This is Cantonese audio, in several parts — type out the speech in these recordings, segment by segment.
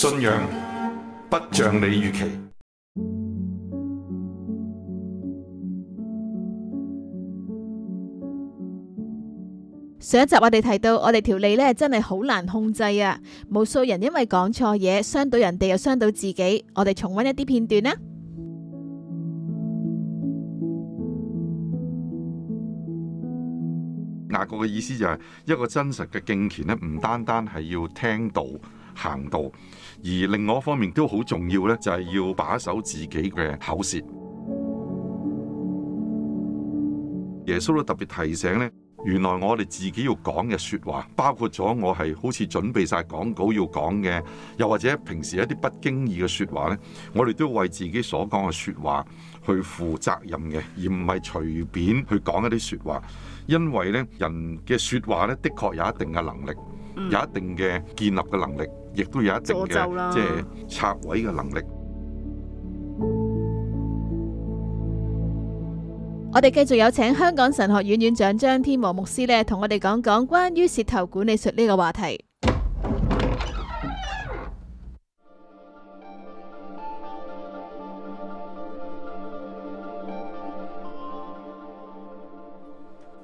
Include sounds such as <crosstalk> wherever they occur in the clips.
信仰不像你預期。上一集我哋提到我，我哋條脷咧真係好難控制啊！無數人因為講錯嘢，傷到人哋又傷到自己。我哋重温一啲片段啦。那個嘅意思就係一個真實嘅敬虔咧，唔單單係要聽道、行道。而另外一方面都好重要呢，就係要把守自己嘅口舌。耶穌都特別提醒呢，原來我哋自己要講嘅說話，包括咗我係好似準備晒講稿要講嘅，又或者平時一啲不經意嘅說話呢，我哋都為自己所講嘅說話去負責任嘅，而唔係隨便去講一啲說話。因為呢，人嘅說話呢，的確有一定嘅能力，有一定嘅建立嘅能力。亦都有一定嘅即係拆位嘅能力。 <music> 我哋繼續有請香港神學院院長張天和牧師咧，同我哋講講關於舌頭管理術呢個話題。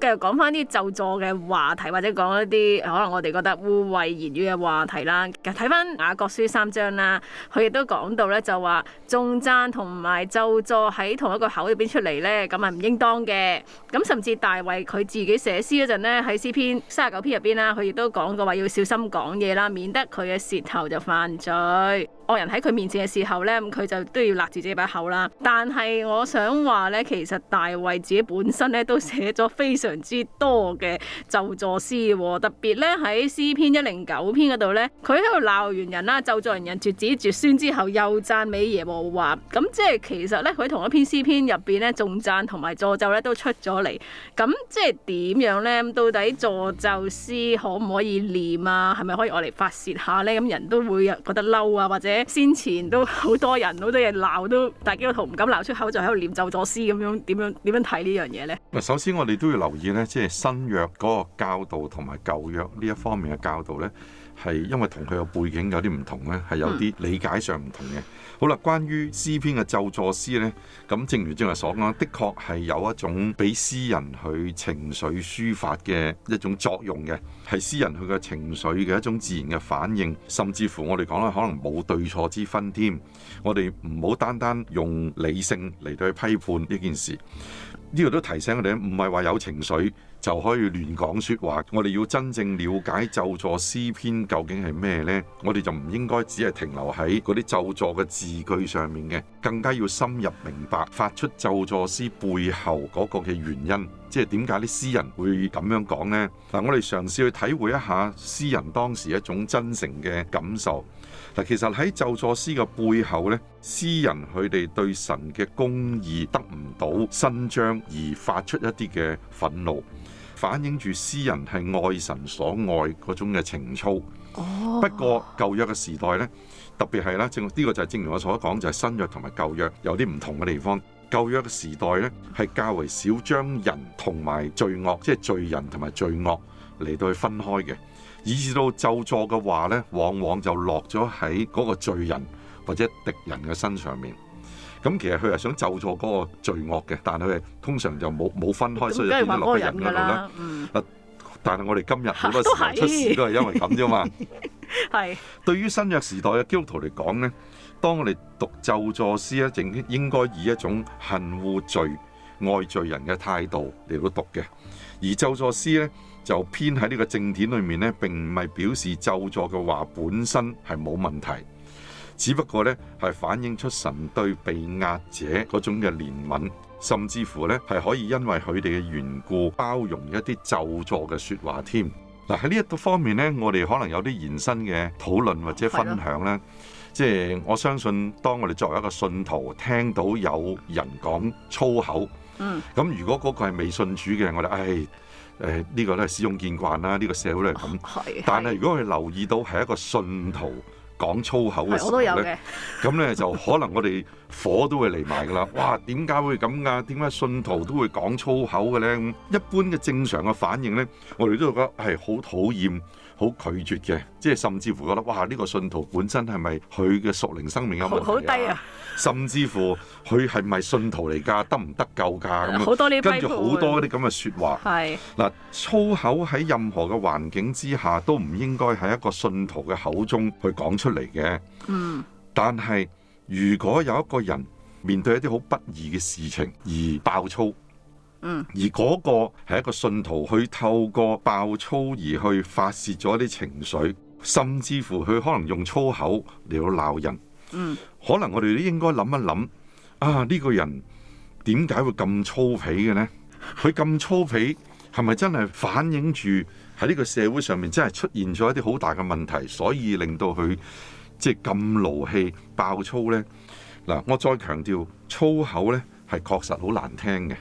又講翻啲咒詛嘅話題，或者講一啲可能我哋覺得污穢言語嘅話題啦。睇翻雅各書三章啦，佢亦都講到咧，就話頌讚同埋咒詛喺同一個口入邊出嚟咧，咁係唔應當嘅。咁甚至大衛佢自己寫詩嗰陣呢，喺詩篇三十九篇入邊啦，佢亦都講過話要小心講嘢啦，免得佢嘅舌頭就犯罪。惡人喺佢面前嘅時候呢，佢就都要勒住自己把口啦。但係我想話呢，其實大衛自己本身呢都寫咗非常之多嘅咒詛詩喎，特別呢，喺詩篇一零九篇嗰度呢，佢喺度鬧完人啦，咒詛人人絕子絕孫之後，又讚美耶和華。咁即係其實呢，佢同一篇詩篇入邊呢，仲讚同埋詛咒呢都出咗嚟。咁即係點樣呢？到底咒詛詩可唔可以念啊？係咪可以我嚟發泄下呢？咁人都會覺得嬲啊，或者～先前都好多人多都，好多嘢鬧，都大家個頭唔敢鬧出口，就喺度念咒詛詩咁樣，點樣點樣睇呢樣嘢咧？首先，我哋都要留意咧，即係新約嗰個教導同埋舊約呢一方面嘅教導咧。係因為同佢嘅背景有啲唔同，呢係有啲理解上唔同嘅。好啦，關於詩篇嘅咒詛詩呢，咁正如正話所講，的確係有一種俾詩人去情緒抒發嘅一種作用嘅，係詩人佢嘅情緒嘅一種自然嘅反應，甚至乎我哋講啦，可能冇對錯之分添。我哋唔好單單用理性嚟對去批判呢件事。呢度都提醒我哋，唔係話有情緒就可以亂講說話。我哋要真正了解咒詛詩篇究竟係咩呢？我哋就唔應該只係停留喺嗰啲咒詛嘅字句上面嘅，更加要深入明白發出咒詛詩背後嗰個嘅原因，即係點解啲詩人會咁樣講呢？嗱，我哋嘗試去體會一下詩人當時一種真誠嘅感受。嗱，其實喺咒詛詩嘅背後呢，詩人佢哋對神嘅公義得唔到伸張而發出一啲嘅憤怒，反映住詩人係愛神所愛嗰種嘅情操。Oh. 不過舊約嘅時代呢，特別係啦，正、這、呢個就係正如我所講，就係、是、新約同埋舊約有啲唔同嘅地方。舊約嘅時代呢，係較為少將人同埋罪惡，即、就、係、是、罪人同埋罪惡嚟到去分開嘅。以至到咒詛嘅話咧，往往就落咗喺嗰個罪人或者敵人嘅身上面。咁其實佢係想咒詛嗰個罪惡嘅，但係佢通常就冇冇分開，然所以就變咗落個人嗰度咧。嗯、但係我哋今日好多時候出事都係因為咁啫嘛。係都是。 <laughs> 是對於新約時代嘅基督徒嚟講咧，當我哋讀咒詛詩咧，應應該以一種恨惡罪、愛罪人嘅態度嚟到讀嘅。而咒詛詩咧。就偏喺呢個正典裏面，呢並唔係表示咒詛嘅話本身係冇問題，只不過呢係反映出神對被壓者嗰種嘅憐憫，甚至乎呢係可以因為佢哋嘅緣故包容一啲咒詛嘅説話添。嗱，喺呢一個方面呢，我哋可能有啲延伸嘅討論或者分享咧，即係的我相信當我哋作為一個信徒聽到有人講粗口，嗯，咁如果嗰個係未信主嘅，我哋唉、哎。誒呢、哎這個都係司空見慣啦，呢、這個社會都係咁。哦、是但係如果佢留意到係一個信徒講粗口嘅時候咧，咁咧就可能我哋火都會嚟埋噶啦。 <laughs> 哇，點解會咁噶、啊？點解信徒都會講粗口嘅咧？一般嘅正常嘅反應咧，我哋都覺得係好討厭。好拒絕嘅，即係甚至乎覺得哇！呢個信徒本身係咪佢嘅屬靈生命嘅問題啊？好低啊，甚至乎佢係咪信徒嚟噶？得唔得救噶？咁樣多跟住好多啲咁嘅説話。係嗱是，粗口喺任何嘅環境之下都唔應該喺一個信徒嘅口中去講出嚟嘅。嗯，但係如果有一個人面對一啲好不易嘅事情而爆粗。嗯，而嗰個係一個信徒，去透過爆粗而去發泄咗一啲情緒，甚至乎佢可能用粗口嚟到鬧人。嗯，可能我哋都應該諗一諗啊，呢個人點解會咁粗鄙嘅呢？佢咁粗鄙係咪真係反映住喺呢個社會上面真係出現咗一啲好大嘅問題，所以令到佢即係咁勞氣爆粗呢？啊，嗱，我再強調，粗口呢係確實好難聽嘅。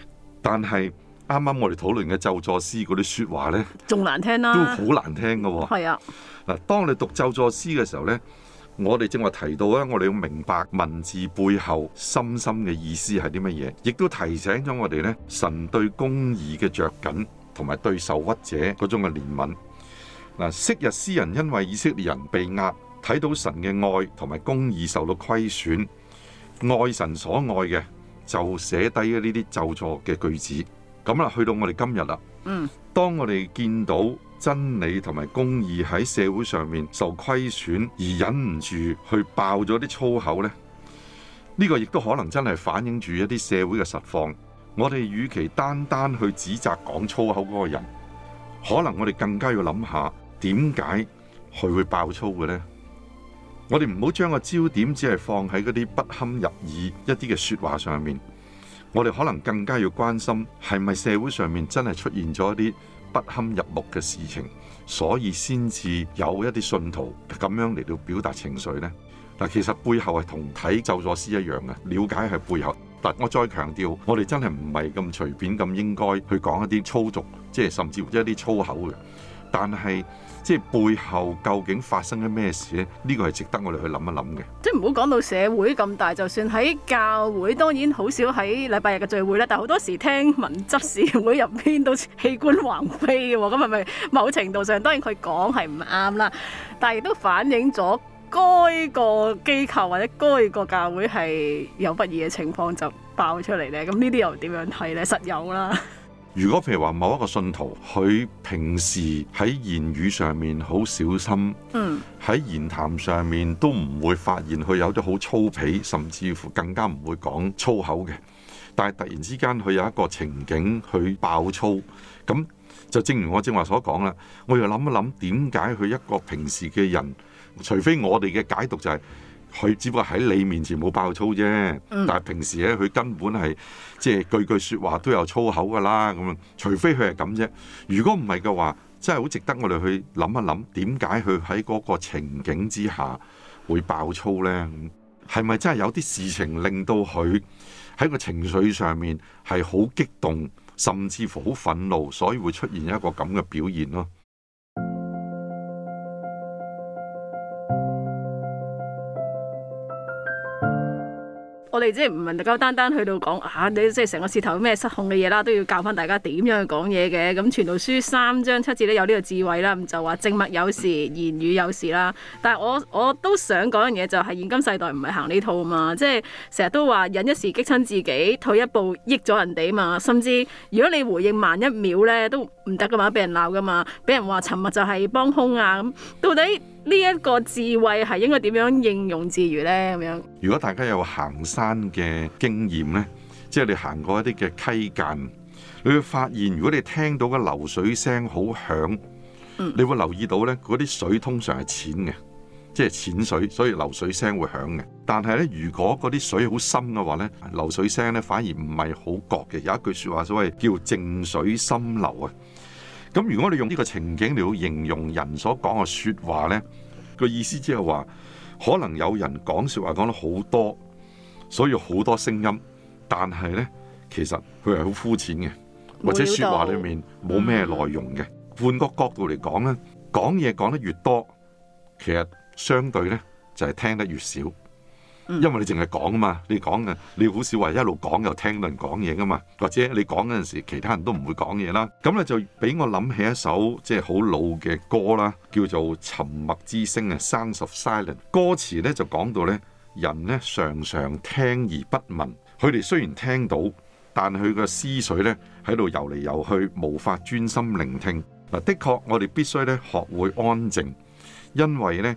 但係啱啱我哋討論嘅咒助詩，咒詛詩嗰啲説話呢，仲難聽啦，都好難聽嘅喎。係啊，嗱，當你讀咒詛詩嘅時候呢，我哋正話提到咧，我哋要明白文字背後深深嘅意思係啲乜嘢，亦都提醒咗我哋呢，神對公義嘅着緊，同埋對受屈者嗰種嘅憐憫。嗱，昔日詩人因為以色列人被壓，睇到神嘅愛同埋公義受到虧損，愛神所愛嘅。就寫低呢啲就錯嘅句子，咁啦，去到我哋今日啦，當我哋見到真理同埋公義喺社會上面受虧損，而忍唔住去爆咗啲粗口呢，呢個亦都可能真係反映住一啲社會嘅實況。我哋與其單單去指責講粗口嗰個人，可能我哋更加要諗下點解佢會爆粗嘅呢？我哋唔好將個焦點只係放喺嗰啲不堪入耳一啲嘅説話上面，我哋可能更加要關心係咪社會上面真係出現咗一啲不堪入目嘅事情，所以先至有一啲信徒咁樣嚟到表達情緒呢。嗱，其實背後係同睇咒詛詩一樣嘅，了解係背後。但我再強調，我哋真係唔係咁隨便咁應該去講一啲粗俗，即係甚至一啲粗口嘅。但係，即係背後究竟發生咗咩事咧？呢個係值得我哋去諗一諗嘅。即係唔好講到社會咁大，就算喺教會，當然好少喺禮拜日嘅聚會啦。但係好多時聽聞執事會入邊都器官橫飛嘅，咁係咪某程度上，當然佢講係唔啱啦。但係亦都反映咗該個機構或者該個教會係有不義嘅情況就爆出嚟咧。咁呢啲又點樣睇咧？實有啦。如果譬如話某一個信徒，佢平時喺言語上面好小心，喺、嗯、言談上面都唔會發現佢有啲好粗鄙，甚至乎更加唔會講粗口嘅。但係突然之間佢有一個情景去爆粗，咁就正如我正話所講啦。我又諗一諗點解佢一個平時嘅人，除非我哋嘅解讀就係、是。佢只不過喺你面前冇爆粗啫，但係平時咧，佢根本係即係句句說話都有粗口㗎啦。咁除非佢係咁啫。如果唔係嘅話，真係好值得我哋去諗一諗，點解佢喺嗰個情景之下會爆粗呢？係咪真係有啲事情令到佢喺個情緒上面係好激動，甚至乎好憤怒，所以會出現一個咁嘅表現咯？即係唔能夠單單去到講啊？你即係成個舌頭咩失控嘅嘢啦，都要教翻大家點樣去講嘢嘅。咁《傳道書》三章七節咧有呢個智慧啦，就話靜默有時，言語有時啦。但係我我都想講一樣嘢，就係現今世代唔係行呢套嘛，即係成日都話忍一時激親自己，退一步益咗人哋嘛。甚至如果你回應慢一秒咧，都唔得噶嘛，俾人鬧噶嘛，俾人話沉默就係幫凶啊咁。到底？呢一個智慧係應該點樣應用自如呢？咁樣，如果大家有行山嘅經驗呢，即係你行過一啲嘅溪澗，你會發現，如果你聽到嘅流水聲好響，你會留意到呢，嗰啲水通常係淺嘅，即係淺水，所以流水聲會響嘅。但係呢，如果嗰啲水好深嘅話呢，流水聲呢反而唔係好覺嘅。有一句説話所謂叫靜水深流啊。咁如果你用呢個情景嚟到形容人所講嘅說話呢，個意思即係話，可能有人講說，說話講得好多，所以好多聲音，但係呢，其實佢係好膚淺嘅，或者說話裏面冇咩內容嘅。換個角度嚟講呢，講嘢講得越多，其實相對呢就係聽得越少。因為你淨係講啊嘛，你講嘅你好少話一路講又聽到人講嘢噶嘛，或者你講嗰陣時，其他人都唔會講嘢啦。咁咧就俾我諗起一首即係好老嘅歌啦，叫做《沉默之聲》啊，《Sounds of Silence》。歌詞咧就講到咧，人咧常常聽而不聞，佢哋雖然聽到，但佢個思緒咧喺度遊嚟遊去，無法專心聆聽。嗱，的確我哋必須咧學會安靜，因為咧。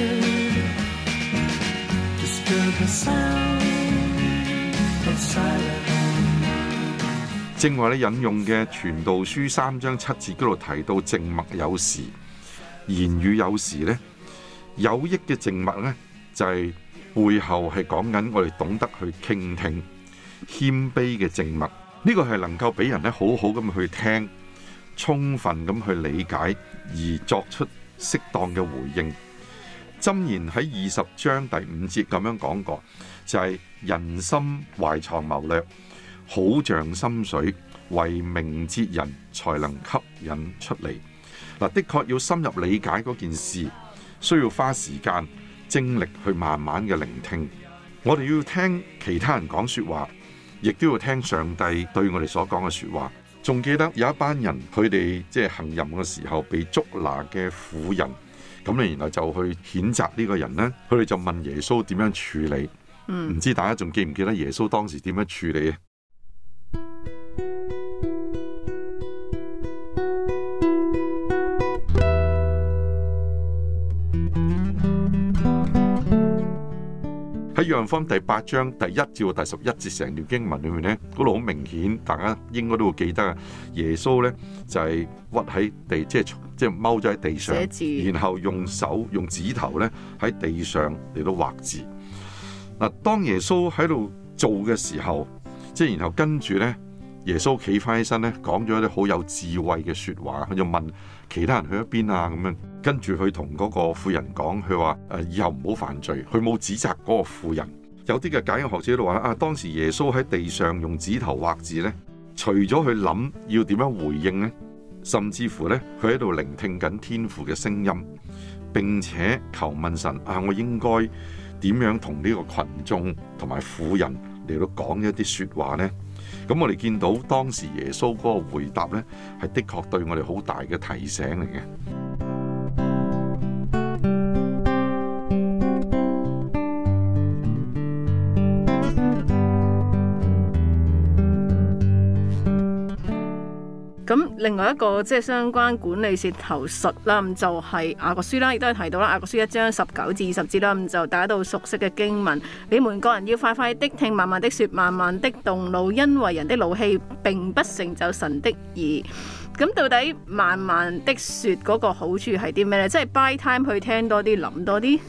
正話咧引用嘅《傳道書》三章七節嗰度提到靜默有時，言語有時咧，有益嘅靜默呢就係、是、背後係講緊我哋懂得去傾聽謙、謙卑嘅靜默，呢個係能夠俾人咧好好咁去聽，充分咁去理解而作出適當嘅回應。箴言喺二十章第五節咁樣講過，就係人心懷藏謀略，好像深水，唯明哲人才能吸引出嚟。嗱，的確要深入理解嗰件事，需要花時間精力去慢慢嘅聆聽。我哋要聽其他人講説話，亦都要聽上帝對我哋所講嘅説話。仲記得有一班人佢哋即係行淫嘅時候被捉拿嘅婦人。咁你然後就去譴責呢個人呢？佢哋就問耶穌點樣處理？唔、嗯、知道大家仲記唔記得耶穌當時點樣處理？喺約翰福音第八章第一至第十一節成條經文裏面咧，嗰度好明顯，大家應該都會記得啊！耶穌咧就係屈喺地，即係即係踎咗喺地上，字然後用手用指頭咧喺地上嚟到畫字。嗱，當耶穌喺度做嘅時候，即係然後跟住咧。耶穌企翻起身咧，講咗啲好有智慧嘅說話，佢就問其他人去咗邊啊，咁樣。跟住佢同嗰個婦人講，佢話誒，以後，唔好犯罪，佢冇指責嗰個婦人。有啲嘅解經學者喺度話啊，當時耶穌喺地上用指頭畫字咧，除咗佢諗要點樣回應咧，甚至乎咧佢喺度聆聽緊天父嘅聲音，並且求問神啊，我應該點樣同呢個群眾同埋婦人嚟到講一啲說話咧？咁我哋見到當時耶穌嗰個回答呢，係的確對我哋好大嘅提醒嚟嘅。咁另外一個即係相關管理舌頭術啦，就係雅各書啦，亦都係提到啦，雅各書一章十九至二十節啦，咁就帶到熟悉嘅經文。你們各人要快快的聽，慢慢的説，慢慢的動怒，因為人的怒氣並不成就神的義。咁到底慢慢的説嗰個好處係啲咩呢？即係 by time 去聽多啲，諗多啲。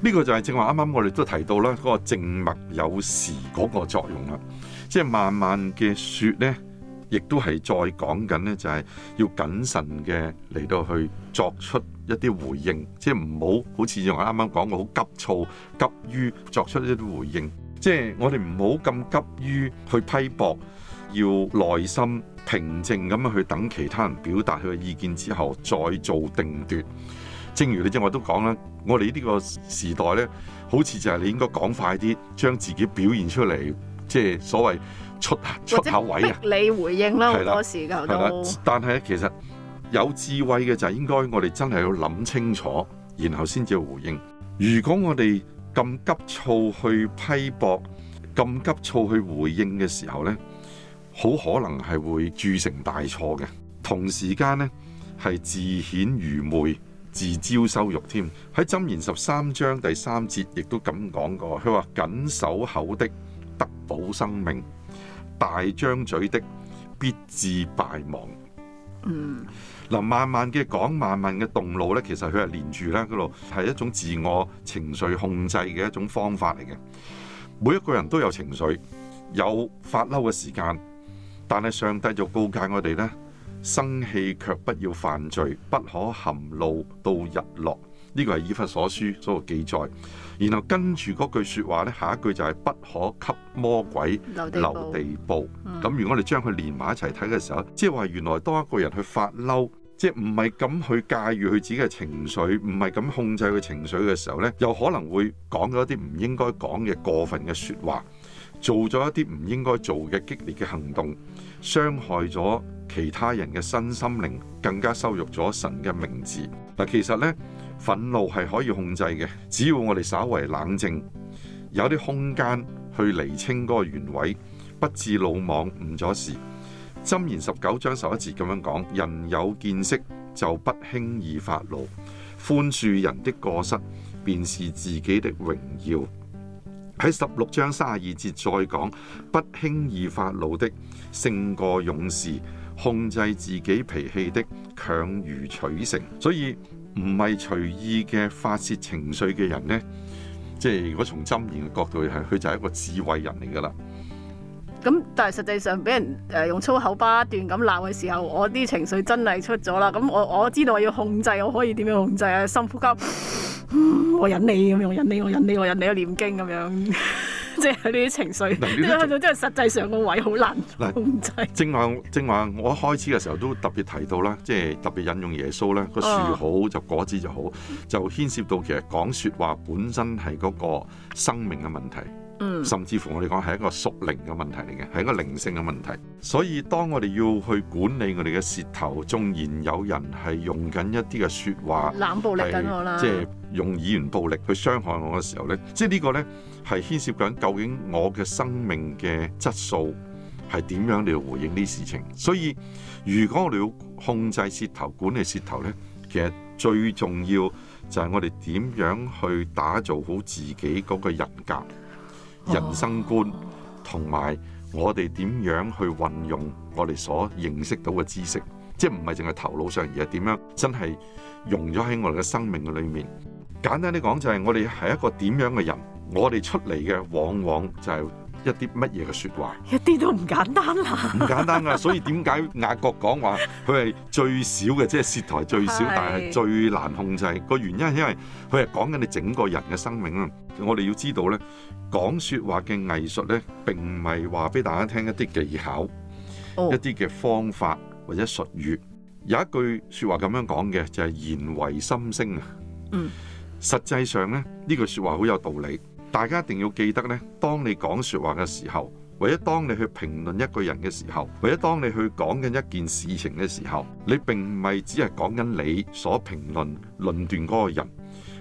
呢個就係正話啱啱我哋都提到啦，嗰個靜默有時嗰個作用啦，即係慢慢嘅説呢。亦都係再講緊呢就係要謹慎嘅嚟到去作出一啲回應，即係唔好好似我啱啱講過，好急躁、急於作出一啲回應，即係我哋唔好咁急於去批駁，要耐心、平靜咁樣去等其他人表達佢嘅意見之後再做定奪。正如你正話都講啦，我哋呢個時代呢，好似就係你應該講快啲，將自己表現出嚟，即係所謂。出出下位啊！你回應啦，好多時都。係啦，但係其實有智慧嘅就係應該我哋真係要諗清楚，然後先至回應。如果我哋咁急躁去批駁，咁急躁去回應嘅時候咧，好可能係會鑄成大錯嘅。同時間咧係自顯愚昧，自招羞辱添。喺《箴言》十三章第三節亦都咁講過，佢話謹守口的得保生命。大張嘴的必自敗亡。嗯，嗱，慢慢嘅講，慢慢嘅動怒呢，其實佢係連住啦，嗰度係一種自我情緒控制嘅一種方法嚟嘅。每一個人都有情緒，有發嬲嘅時間，但係上帝就告誡我哋呢：生氣卻不要犯罪，不可含怒到日落。呢個係以弗所書所嘅記載，然後跟住嗰句説話呢，下一句就係不可給魔鬼留地步。嗯。咁、嗯、如果我哋將佢連埋一齊睇嘅時候，即係話原來當一個人去發嬲，即係唔係咁去介意佢自己嘅情緒，唔係咁控制佢情緒嘅時候呢，又可能會講咗一啲唔應該講嘅過分嘅説話，做咗一啲唔應該做嘅激烈嘅行動，傷害咗其他人嘅身心靈，更加羞辱咗神嘅名字嗱。其實呢。憤怒係可以控制嘅，只要我哋稍為冷靜，有啲空間去釐清嗰個原委，不致魯莽誤咗事。箴言十九章十一節咁樣講：人有見識就不輕易發怒，寬恕人的過失，便是自己的榮耀。喺十六章三十二節再講：不輕易發怒的勝過勇士，控制自己脾氣的強如取城。」所以唔係隨意嘅發泄情緒嘅人咧，即係如果從箴言嘅角度係，佢就係一個智慧人嚟噶啦。咁但係實際上俾人誒用粗口巴斷咁鬧嘅時候，我啲情緒真係出咗啦。咁我我知道我要控制，我可以點樣控制啊？深呼吸，我忍你咁樣，我忍你我忍你我忍你，念經咁樣。即係呢啲情緒，即係喺度，即係實際上個位好難控制。來正話，正話，我一開始嘅時候都特別提到啦，即係特別引用耶穌咧，個樹好、哦、就果子就好，就牽涉到其實講説話本身係嗰個生命嘅問題，嗯、甚至乎我哋講係一個屬靈嘅問題嚟嘅，係一個靈性嘅問題。所以當我哋要去管理我哋嘅舌頭，縱然有人係用緊一啲嘅説話冷暴力緊我啦，即係用語言暴力去傷害我嘅時候咧，即係呢個咧。係牽涉緊究竟我嘅生命嘅質素係點樣嚟回應呢事情，所以如果我哋要控制舌頭、管理舌頭呢，其實最重要就係我哋點樣去打造好自己嗰個人格、oh. 人生觀，同埋我哋點樣去運用我哋所認識到嘅知識，即係唔係淨係頭腦上，而係點樣真係融咗喺我哋嘅生命嘅裏面。簡單啲講，就係我哋係一個點樣嘅人。我哋出嚟嘅往往就係一啲乜嘢嘅説話，一啲都唔簡單啊！唔簡單啊！所以點解亞國講話佢係最少嘅，即係舌頭最少，但係最難控制。個原因係因為佢係講緊你整個人嘅生命啊！我哋要知道咧，講説話嘅藝術咧，並唔係話俾大家聽一啲技巧、oh. 一啲嘅方法或者術語。有一句説話咁樣講嘅就係、是、言為心聲啊！嗯，mm. 實際上咧，呢句説話好有道理。大家一定要記得呢，當你講説話嘅時候，或者當你去評論一個人嘅時候，或者當你去講緊一件事情嘅時候，你並唔係只係講緊你所評論、論斷嗰個人，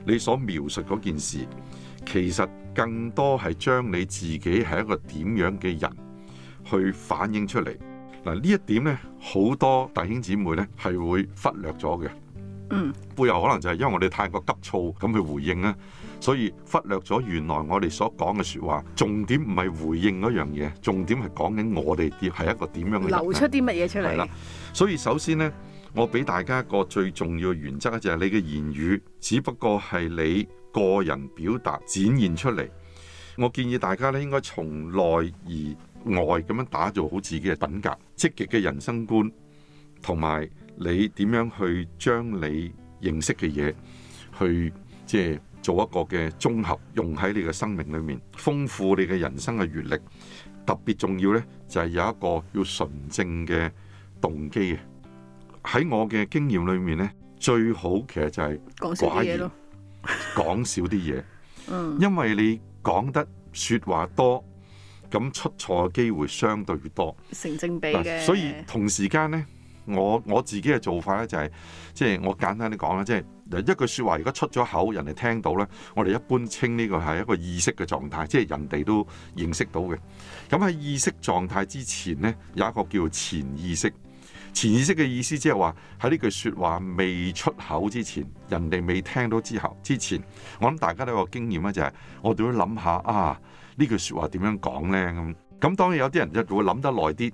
你所描述嗰件事，其實更多係將你自己係一個點樣嘅人去反映出嚟。嗱，呢一點呢，好多弟兄姊妹呢係會忽略咗嘅。嗯，背後可能就係因為我哋太過急躁咁去回應啦。所以忽略咗原來我哋所講嘅說話，重點唔係回應嗰樣嘢，重點係講緊我哋啲係一個點樣嘅流出啲乜嘢出嚟。所以首先咧，我俾大家一個最重要嘅原則，就係你嘅言語只不過係你個人表達展現出嚟。我建議大家咧，應該從內而外咁樣打造好自己嘅品格，積極嘅人生觀，同埋你點樣去將你認識嘅嘢去即係。做一個嘅綜合用喺你嘅生命裏面，豐富你嘅人生嘅閱歷，特別重要呢，就係、是、有一個叫純正嘅動機嘅。喺我嘅經驗裏面呢，最好其實就係寡言，講少啲嘢。 <laughs> 因為你講得說話多，咁出錯嘅機會相對越多，成正比嘅。所以同時間呢，我我自己嘅做法呢、就是，就係，即係我簡單啲講啦，即係。一句説話如果出咗口，人哋聽到呢，我哋一般稱呢個係一個意識嘅狀態，即係人哋都認識到嘅。咁喺意識狀態之前呢，有一個叫潛意識。潛意識嘅意思即係話喺呢句説話未出口之前，人哋未聽到之後之前，我諗大家都有個經驗咧、就係，就係我哋要諗下啊，呢句説話點樣講呢？咁。咁當然有啲人就會諗得耐啲。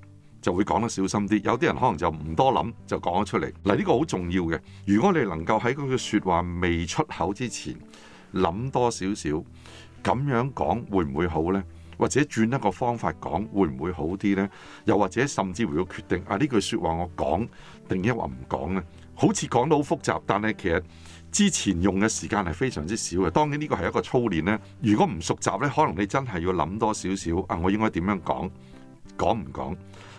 就會講得小心啲。有啲人可能就唔多諗，就講咗出嚟。嗱，呢個好重要嘅。如果你能夠喺嗰個説話未出口之前諗多少少，咁樣講會唔會好呢？或者轉一個方法講會唔會好啲呢？又或者甚至乎要決定啊，呢句説話我講定抑或唔講呢？好似講得好複雜，但係其實之前用嘅時間係非常之少嘅。當然呢個係一個操練呢。如果唔熟習呢，可能你真係要諗多少少啊。我應該點樣講？講唔講？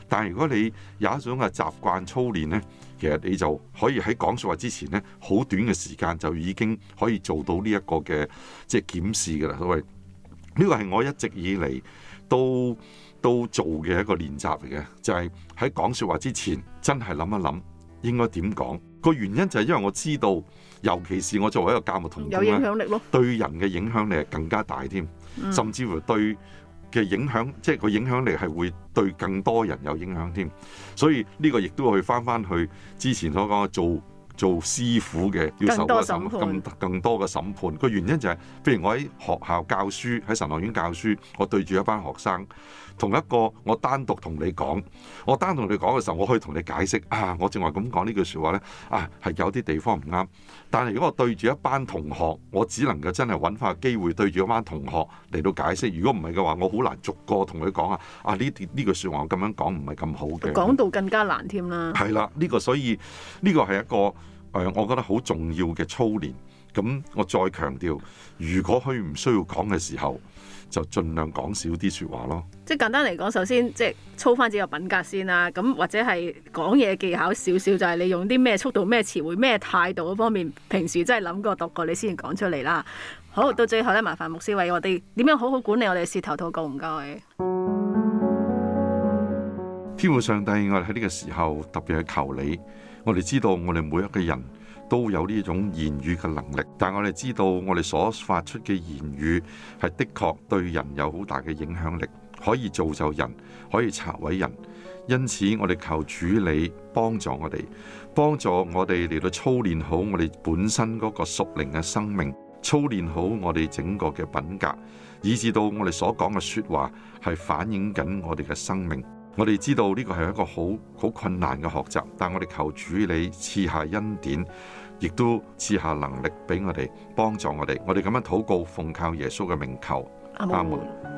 但係如果你有一種嘅習慣操練呢，其實你就可以喺講説話之前呢，好短嘅時間就已經可以做到呢一個嘅即係檢視嘅啦。所謂呢個係我一直以嚟都都做嘅一個練習嚟嘅，就係喺講説話之前真係諗一諗應該點講。個原因就係因為我知道，尤其是我作為一個教育同工，有影響力咯，對人嘅影響力更加大添，甚至乎對嘅影響，即係佢影響力係會對更多人有影響添，所以呢個亦都去翻翻去之前所講，做做師傅嘅要受更更更多嘅審判，個原因就係、是，譬如我喺學校教書，喺神學院教書，我對住一班學生。同一個我單獨同你講，我單同你講嘅時候，我可以同你解釋啊，我正話咁講呢句説話呢，啊，係有啲地方唔啱。但係如果我對住一班同學，我只能夠真係揾翻個機會對住一班同學嚟到解釋。如果唔係嘅話，我好難逐個同佢講啊啊，呢呢句説話我咁樣講唔係咁好嘅。講到更加難添啦。係啦，呢個所以呢個係一個誒、呃，我覺得好重要嘅操練。咁我再強調，如果佢唔需要講嘅時候。就盡量講少啲說話咯，即係簡單嚟講，首先即係操翻自己嘅品格先啦，咁或者係講嘢技巧少少，就係你用啲咩速度、咩詞彙、咩態度嗰方面，平時真係諗過、讀過，你先至講出嚟啦。好，到最後咧，麻煩牧師為我哋點樣好好管理我哋嘅舌頭，禱告，唔該。天父上帝，我哋喺呢個時候特別係求你，我哋知道我哋每一個人。都有呢種言語嘅能力，但我哋知道，我哋所發出嘅言語係的確對人有好大嘅影響力，可以造就人，可以拆毀人。因此，我哋求主你幫助我哋，幫助我哋嚟到操練好我哋本身嗰個屬靈嘅生命，操練好我哋整個嘅品格，以致到我哋所講嘅説話係反映緊我哋嘅生命。我哋知道呢個係一個好好困難嘅學習，但我哋求主你賜下恩典。亦都賜下能力俾我哋幫助我哋，我哋咁樣禱告，奉靠耶穌嘅名求，阿門。阿門。